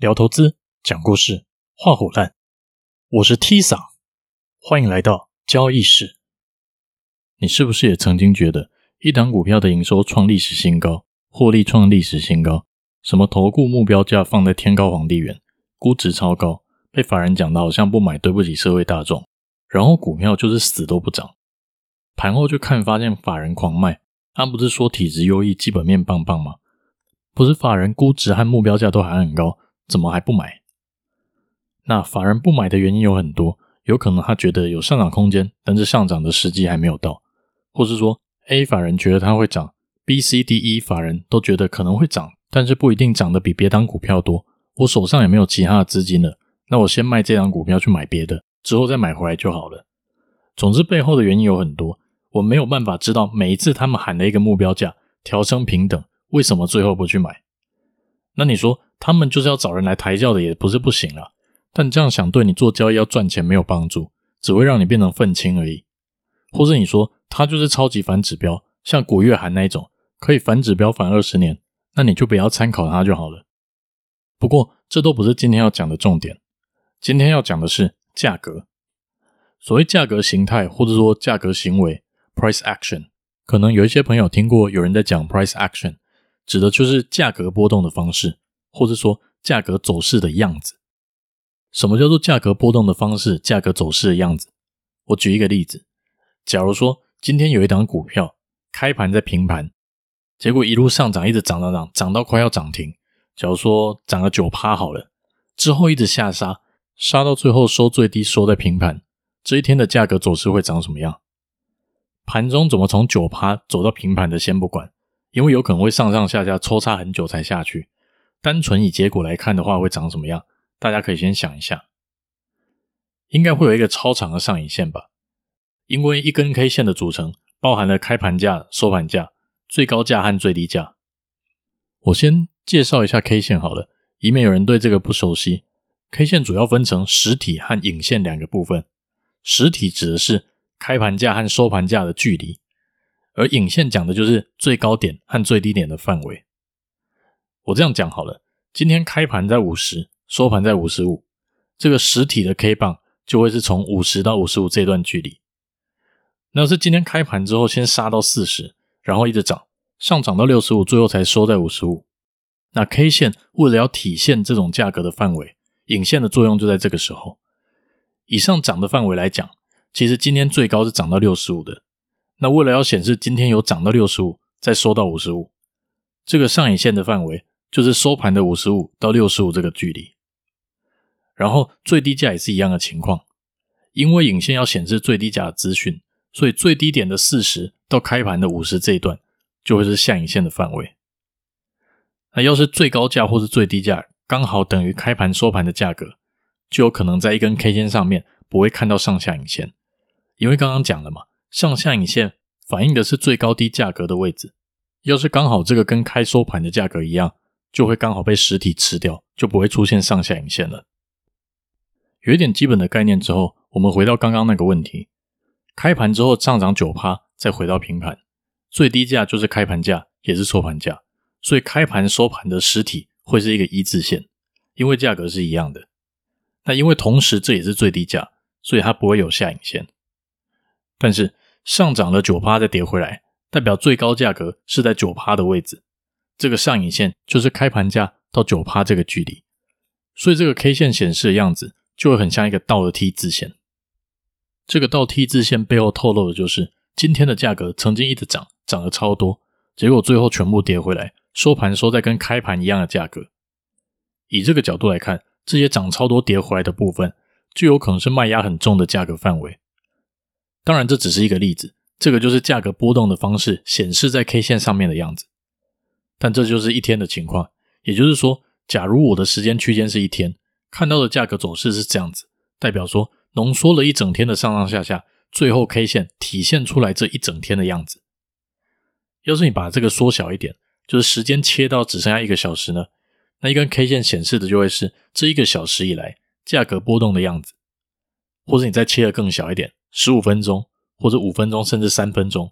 聊投資，講故事，話虎爛，我是 Tisa 歡迎來到交易室。你是不是也曾經覺得一檔股票的營收創歷史新高，獲利創歷史新高，什麼投顧目標價放在天高皇帝遠，估值超高，被法人講到好像不買對不起社會大眾。然後股票就是死都不漲，盤後就看發現法人狂賣。他、啊、不是說體質優異、基本面棒棒嗎？不是法人估值和目標價都還很高。怎麼還不買？那法人不買的原因有很多，有可能他覺得有上漲空間，但是上漲的時機還沒有到，或是說 A 法人覺得它會漲，B、C、D、E 法人都覺得可能會漲，但是不一定漲得比別檔股票多。我手上也沒有其他的資金了，那我先賣這檔股票去買別的，之後再買回來就好了。總之，背後的原因有很多，我沒有辦法知道每一次他們喊了一個目標價，調升評等，為什麼最後不去買？那你說他們就是要找人來抬轎的，也不是不行啊。但這樣想對你做交易要賺錢沒有幫助，只會讓你變成憤青而已。或者你說他就是超級反指標，像古月涵那一種，可以反指標反二十年，那你就不要參考他就好了。不過這都不是今天要講的重點。今天要講的是價格，所謂價格形態或者說價格行為 （price action），可能有一些朋友聽過有人在講 price action。指的就是價格波動的方式，或是說價格走勢的樣子。什麼叫做價格波動的方式？價格走勢的樣子？我舉一個例子：假如說今天有一檔股票開盤在平盤，結果一路上漲，一直漲，漲，漲，漲到快要漲停。假如說漲了九趴好了，之後一直下殺，殺到最後收最低，收在平盤。這一天的價格走勢會長什麼樣？盤中怎麼從九趴走到平盤的？先不管。因為有可能會上上下下抽插很久才下去，單純以結果來看的話，會長什麼樣？大家可以先想一下，應該會有一個超長的上影線吧？因為一根 K 線的組成包含了開盤價、收盤價、最高價和最低價。我先介紹一下 K 線好了，以免有人對這個不熟悉。K 線主要分成實體和影線兩個部分，實體指的是開盤價和收盤價的距離。而影線講的就是最高點和最低點的範圍。我這樣講好了，今天開盤在五十，收盤在五十五，這個實體的 K 棒就會是從五十到五十五這段距離。那是今天開盤之後先殺到四十，然後一直漲，上漲到六十五，最後才收在五十五。那 K 線為了要體現這種價格的範圍，影線的作用就在這個時候。以上漲的範圍來講，其實今天最高是漲到六十五的。那為了要顯示今天有漲到六十五，再收到五十五，這個上影線的範圍就是收盤的五十五到六十五這個距離。然後最低價也是一樣的情況，因為影線要顯示最低價的資訊，所以最低點的四十到開盤的五十這一段就會是下影線的範圍。那要是最高價或是最低價剛好等於開盤收盤的價格，就有可能在一根 K 線上面不會看到上下影線，因為剛剛講了嘛。上下影線反映的是最高低價格的位置，要是剛好這個跟開收盤的價格一樣，就會剛好被實體吃掉，就不會出現上下影線了。有一點基本的概念之後，我們回到剛剛那個問題：開盤之後上漲九趴，再回到平盤，最低價就是開盤價，也是收盤價，所以開盤收盤的實體會是一個一字線，因為價格是一樣的。那因為同時這也是最低價，所以它不會有下影線，但是。上漲了九趴再跌回來，代表最高價格是在九趴的位置。這個上影線就是開盤價到九趴這個距離，所以這個 K 線顯示的樣子就會很像一個倒的 T 字線。這個倒 T 字線背後透露的就是，今天的價格曾經一直漲，漲了超多，結果最後全部跌回來，收盤收在跟開盤一樣的價格。以這個角度來看，這些漲超多跌回來的部分，就有可能是賣壓很重的價格範圍。當然，這只是一個例子。這個就是價格波動的方式，顯示在 K 線上面的樣子。但這就是一天的情況。也就是說，假如我的時間區間是一天，看到的價格走勢是，是這樣子，代表說濃縮了一整天的上上下下，最後 K 線體現出來這一整天的樣子。要是你把這個縮小一點，就是時間切到只剩下一個小時呢，那一根 K 線顯示的就會是這一個小時以來價格波動的樣子。或者你再切的更小一點。十五分鐘，或者五分鐘，甚至三分鐘，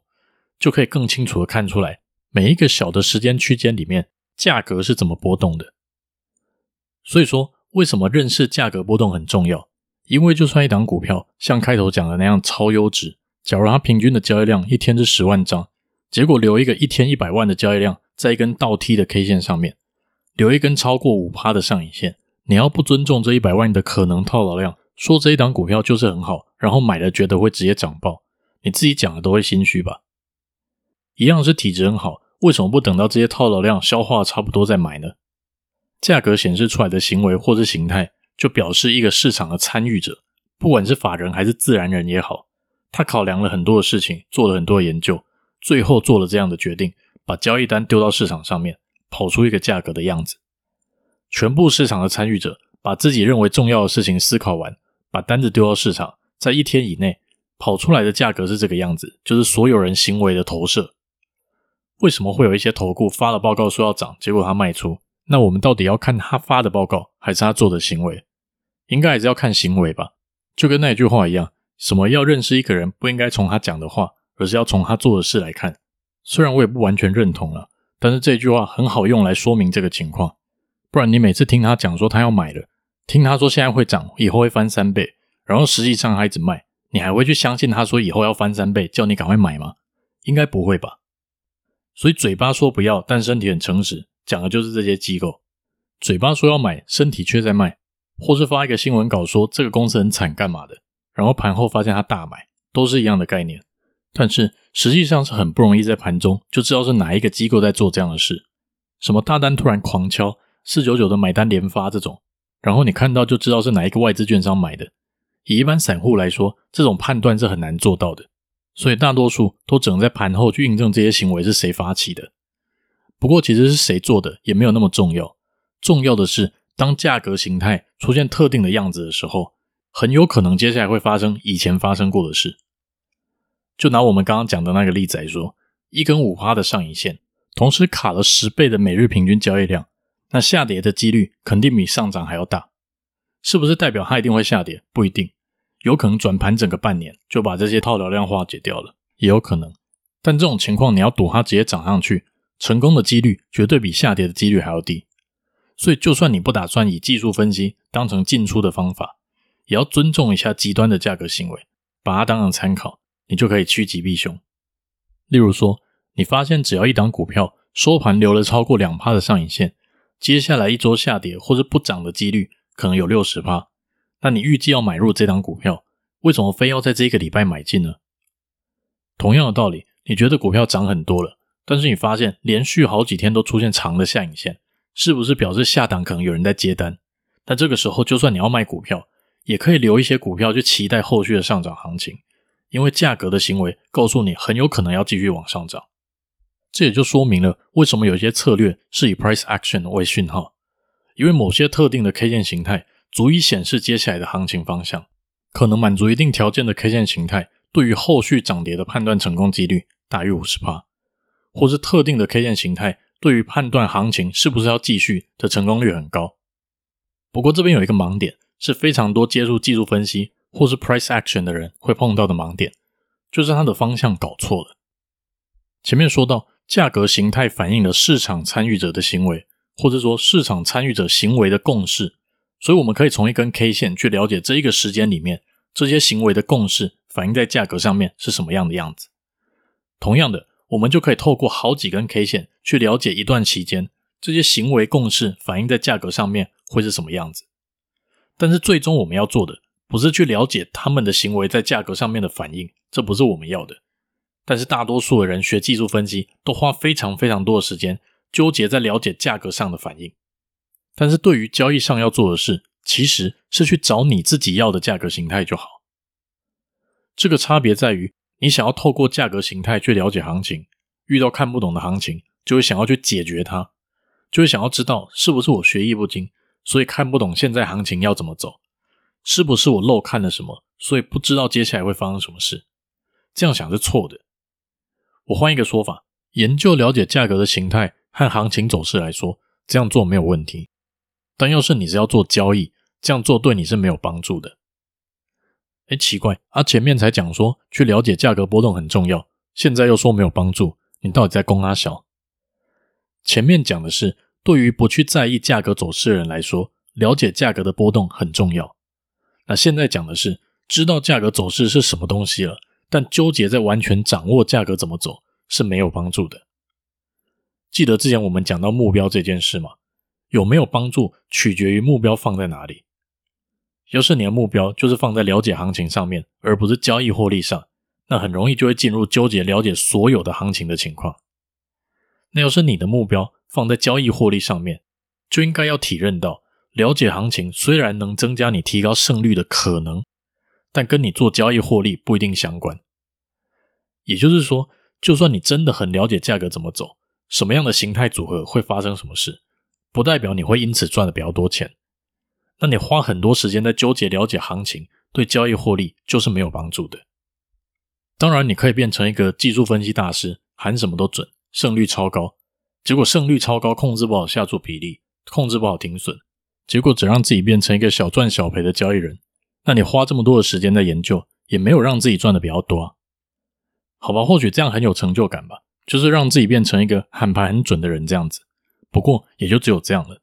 就可以更清楚的看出來每一個小的時間區間裡面價格是怎麼波動的。所以說，為什麼認識價格波動很重要？因為就算一檔股票像開頭講的那樣超優質，假如它平均的交易量一天是十萬張，結果留一個一天一百萬的交易量在一根倒 T 的 K 線上面，留一根超過五趴的上影線，你要不尊重這一百萬的可能套牢量。說這一檔股票就是很好，然後買了覺得會直接漲爆，你自己講的都會心虛吧？一樣是體質很好，為什麼不等到這些套牢量消化差不多再買呢？價格顯示出來的行為或是形態，就表示一個市場的參與者，不管是法人還是自然人也好，他考量了很多的事情，做了很多的研究，最後做了這樣的決定，把交易單丟到市場上面，跑出一個價格的樣子。全部市場的參與者把自己認為重要的事情思考完。把單子丟到市場，在一天以內跑出來的價格是這個樣子，就是所有人行為的投射。為什麼會有一些投顧發了報告說要漲，結果他賣出？那我們到底要看他發的報告，還是他做的行為？應該還是要看行為吧。就跟那句話一樣，什麼要認識一個人，不應該從他講的話，而是要從他做的事來看。雖然我也不完全認同了，但是這句話很好用來說明這個情況。不然你每次聽他講說他要買了，聽他說現在會漲，以後會翻三倍，然後實際上還一直賣，你還會去相信他說以後要翻三倍，叫你趕快買嗎？應該不會吧。所以嘴巴說不要，但身體很誠實，講的就是這些機構。嘴巴說要買，身體卻在賣，或是發一個新聞稿說這個公司很慘幹嘛的，然後盤後發現他大買，都是一樣的概念。但是實際上是很不容易在盤中就知道是哪一個機構在做這樣的事，什麼大單突然狂敲，四九九的買單連發這種。然後你看到就知道是哪一個外資券商買的。以一般散戶來說，這種判斷是很難做到的，所以大多數都只能在盤後去印證這些行為是誰發起的。不過，其實是誰做的也沒有那麼重要，重要的是當價格形態出現特定的樣子的時候，很有可能接下來會發生以前發生過的事。就拿我們剛剛講的那個例子來說，一根五趴的上影線，同時卡了十倍的每日平均交易量。那下跌的幾率肯定比上漲還要大，是不是代表它一定會下跌？不一定，有可能轉盤整個半年就把這些套牢量化解掉了，也有可能。但這種情況你要賭它直接漲上去，成功的幾率絕對比下跌的幾率還要低。所以，就算你不打算以技術分析當成進出的方法，也要尊重一下極端的價格行為，把它當成參考，你就可以趨吉避凶。例如說，你發現只要一檔股票收盤留了超過兩趴的上影線。接下來一周下跌或是不漲的幾率可能有六十趴。那你預計要買入這檔股票，為什麼非要在這個禮拜買進呢？同樣的道理，你覺得股票漲很多了，但是你發現連續好幾天都出現長的下影線，是不是表示下檔可能有人在接單？但這個時候，就算你要賣股票，也可以留一些股票去期待後續的上漲行情，因為價格的行為告訴你很有可能要繼續往上漲。這也就說明了為什麼有些策略是以 price action 為訊號，因為某些特定的 K 線形態足以顯示接下來的行情方向，可能滿足一定條件的 K 線形態，對於後續漲跌的判斷成功幾率大於五十趴，或是特定的 K 線形態對於判斷行情是不是要繼續的成功率很高。不過這邊有一個盲點，是非常多接觸技術分析或是 price action 的人會碰到的盲點，就是它的方向搞錯了。前面說到。價格型態反映了市場參與者的行為，或者說市場參與者行為的共識。所以，我們可以從一根 K 線去了解這一個時間裡面這些行為的共識反映在價格上面是什麼樣的樣子。同樣的，我們就可以透過好幾根 K 線去了解一段期間這些行為共識反映在價格上面會是什麼樣子。但是，最終我們要做的不是去了解他們的行為在價格上面的反應，這不是我們要的。但是大多數的人學技術分析，都花非常非常多的時間糾結在了解價格上的反應，但是對於交易上要做的事，其實是去找你自己要的價格形態就好。這個差別在於，你想要透過價格形態去了解行情，遇到看不懂的行情，就會想要去解決它，就會想要知道是不是我學藝不精，所以看不懂現在行情要怎麼走，是不是我漏看了什麼，所以不知道接下來會發生什麼事。這樣想是錯的。我換一個說法，研究了解價格的型態和行情走勢來說，這樣做沒有問題。但要是你是要做交易，這樣做對你是沒有幫助的。哎、欸，奇怪，啊，前面才講說去了解價格波動很重要，現在又說沒有幫助，你到底在供拉小？前面講的是對於不去在意價格走勢的人來說，了解價格的波動很重要。那現在講的是知道價格走勢是什麼東西了。但糾結在完全掌握價格怎麼走是沒有幫助的。記得之前我們講到目標這件事嗎？有沒有幫助取決於目標放在哪裡。要是你的目標就是放在了解行情上面，而不是交易獲利上，那很容易就會進入糾結了解所有的行情的情況。那要是你的目標放在交易獲利上面，就應該要體認到了解行情雖然能增加你提高勝率的可能。但跟你做交易獲利不一定相關，也就是說，就算你真的很了解價格怎麼走，什麼樣的形態組合會發生什麼事，不代表你會因此賺的比較多錢。那你花很多時間在糾結了解行情，對交易獲利就是沒有幫助的。當然，你可以變成一個技術分析大師，喊什麼都準，勝率超高，結果勝率超高，控制不好下注比例，控制不好停損，結果只讓自己變成一個小賺小賠的交易人。那你花這麼多的時間在研究，也沒有讓自己賺的比較多啊，好吧？或許這樣很有成就感吧，就是讓自己變成一個喊牌很準的人這樣子。不過也就只有這樣了。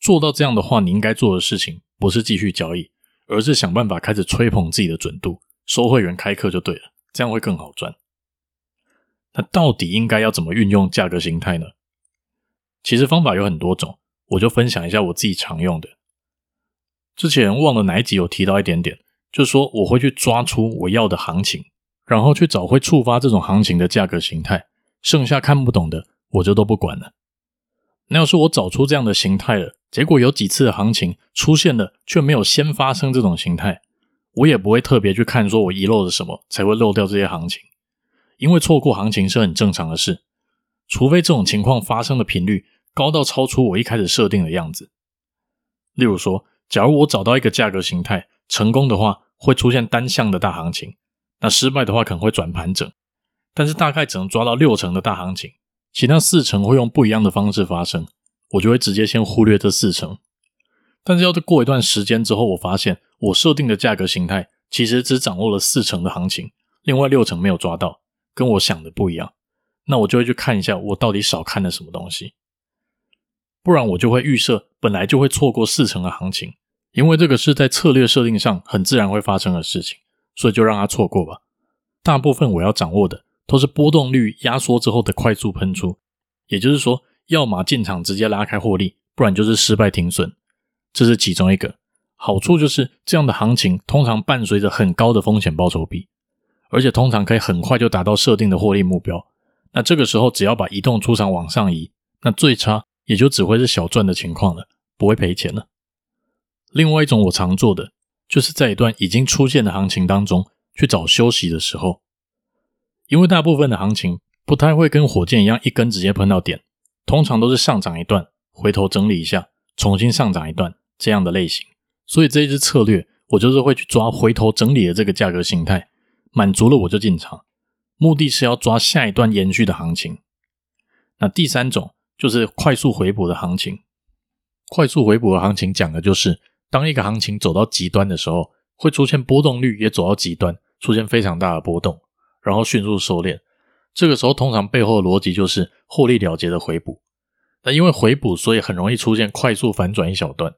做到這樣的話，你應該做的事情不是繼續交易，而是想辦法開始吹捧自己的準度，收會員開課就對了，這樣會更好賺。那到底應該要怎麼運用價格型態呢？其實方法有很多種，我就分享一下我自己常用的。之前忘了哪一集有提到一點點，就是說我會去抓出我要的行情，然後去找會觸發這種行情的價格形態，剩下看不懂的我就都不管了。那要是我找出這樣的形態了，結果有幾次的行情出現了卻沒有先發生這種形態，我也不會特別去看說我遺漏了什麼才會漏掉這些行情，因為錯過行情是很正常的事，除非這種情況發生的頻率高到超出我一開始設定的樣子，例如說。假如我找到一個價格形態成功的話，會出現單向的大行情；那失敗的話可能會轉盤整，但是大概只能抓到六成的大行情，其他四成會用不一樣的方式發生，我就會直接先忽略這四成。但是要是過一段時間之後，我發現我設定的價格形態其實只掌握了四成的行情，另外六成沒有抓到，跟我想的不一樣，那我就會去看一下我到底少看了什麼東西。不然我就會預設本來就會錯過四成的行情，因為這個是在策略設定上很自然會發生的事情，所以就讓它錯過吧。大部分我要掌握的都是波動率壓縮之後的快速噴出，也就是說，要麼進場直接拉開獲利，不然就是失敗停損。這是其中一個好處，就是這樣的行情通常伴隨着很高的風險報酬比，而且通常可以很快就達到設定的獲利目標。那這個時候只要把移動出場往上移，那最差。也就只會是小賺的情況了，不會賠錢了。另外一種我常做的，就是在一段已經出現的行情當中去找休息的時候，因為大部分的行情不太會跟火箭一樣一根直接噴到點，通常都是上漲一段，回頭整理一下，重新上漲一段這樣的類型。所以這一支策略，我就是會去抓回頭整理的這個價格形態，滿足了我就進場，目的是要抓下一段延續的行情。那第三種。就是快速回補的行情，快速回補的行情講的就是，當一個行情走到極端的時候，會出現波動率也走到極端，出現非常大的波動，然後迅速收斂。這個時候通常背後的邏輯就是獲利了結的回補，但因為回補，所以很容易出現快速反轉一小段。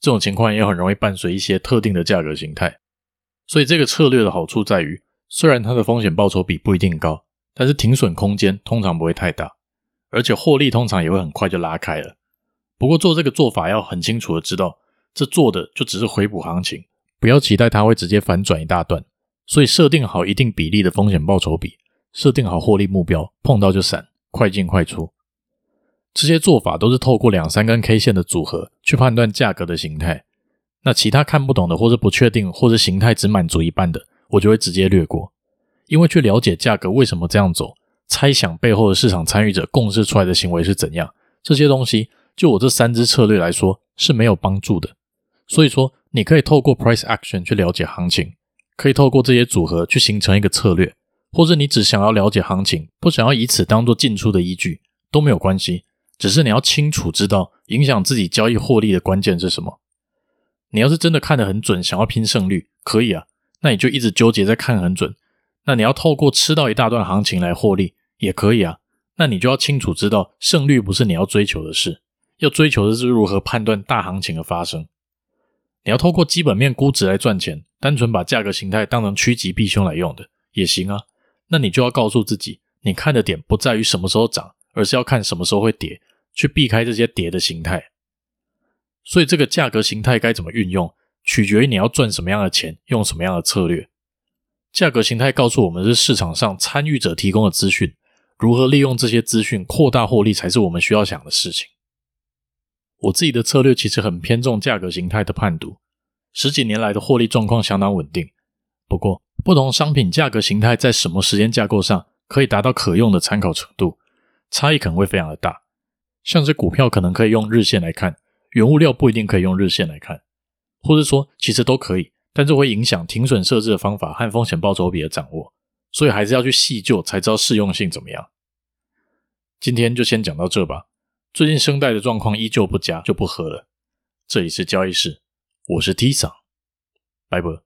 這種情況也很容易伴隨一些特定的價格形態。所以這個策略的好處在於，雖然它的風險報酬比不一定高，但是停損空間通常不會太大。而且獲利通常也會很快就拉開了。不過做這個做法要很清楚的知道，這做的就只是回補行情，不要期待它會直接反轉一大段。所以設定好一定比例的風險報酬比，設定好獲利目標，碰到就閃，快進快出。這些做法都是透過兩三根 K 線的組合去判斷價格的形態。那其他看不懂的，或是不確定，或是形態只滿足一半的，我就會直接略過，因為去了解價格為什麼這樣走，猜想背後的市場參與者共識出來的行為是怎樣？這些東西就我這三支策略來說是沒有幫助的。所以說，你可以透過 price action 去了解行情，可以透過這些組合去形成一個策略，或是你只想要了解行情，不想要以此當做進出的依據都沒有關係。只是你要清楚知道影響自己交易獲利的關鍵是什麼。你要是真的看得很準，想要拼勝率，可以啊，那你就一直糾結在看很準。那你要透過吃到一大段行情來獲利。也可以啊，那你就要清楚知道，勝率不是你要追求的事，要追求的是如何判斷大行情的發生。你要透過基本面估值來賺錢，單純把價格形態當成趨吉避凶來用的也行啊。那你就要告訴自己，你看的點不在於什麼時候漲，而是要看什麼時候會跌，去避開這些跌的形態。所以，這個價格形態該怎麼運用，取決於你要賺什麼樣的錢，用什麼樣的策略。價格形態告訴我們是市場上參與者提供的資訊。如何利用這些資訊擴大獲利，才是我們需要想的事情。我自己的策略其實很偏重價格形態的判讀，十幾年來的獲利狀況相當穩定。不過，不同商品價格形態在什麼時間架構上可以達到可用的參考程度，差異可能會非常的大。像是股票可能可以用日線來看，原物料不一定可以用日線來看，或者說其實都可以，但這會影響停損設置的方法和風險報酬比的掌握。所以還是要去細究，才知道適用性怎麼樣。今天就先講到這吧。最近聲帶的狀況依舊不佳，就不喝了。這裡是交易事，我是 T 桑，拜拜。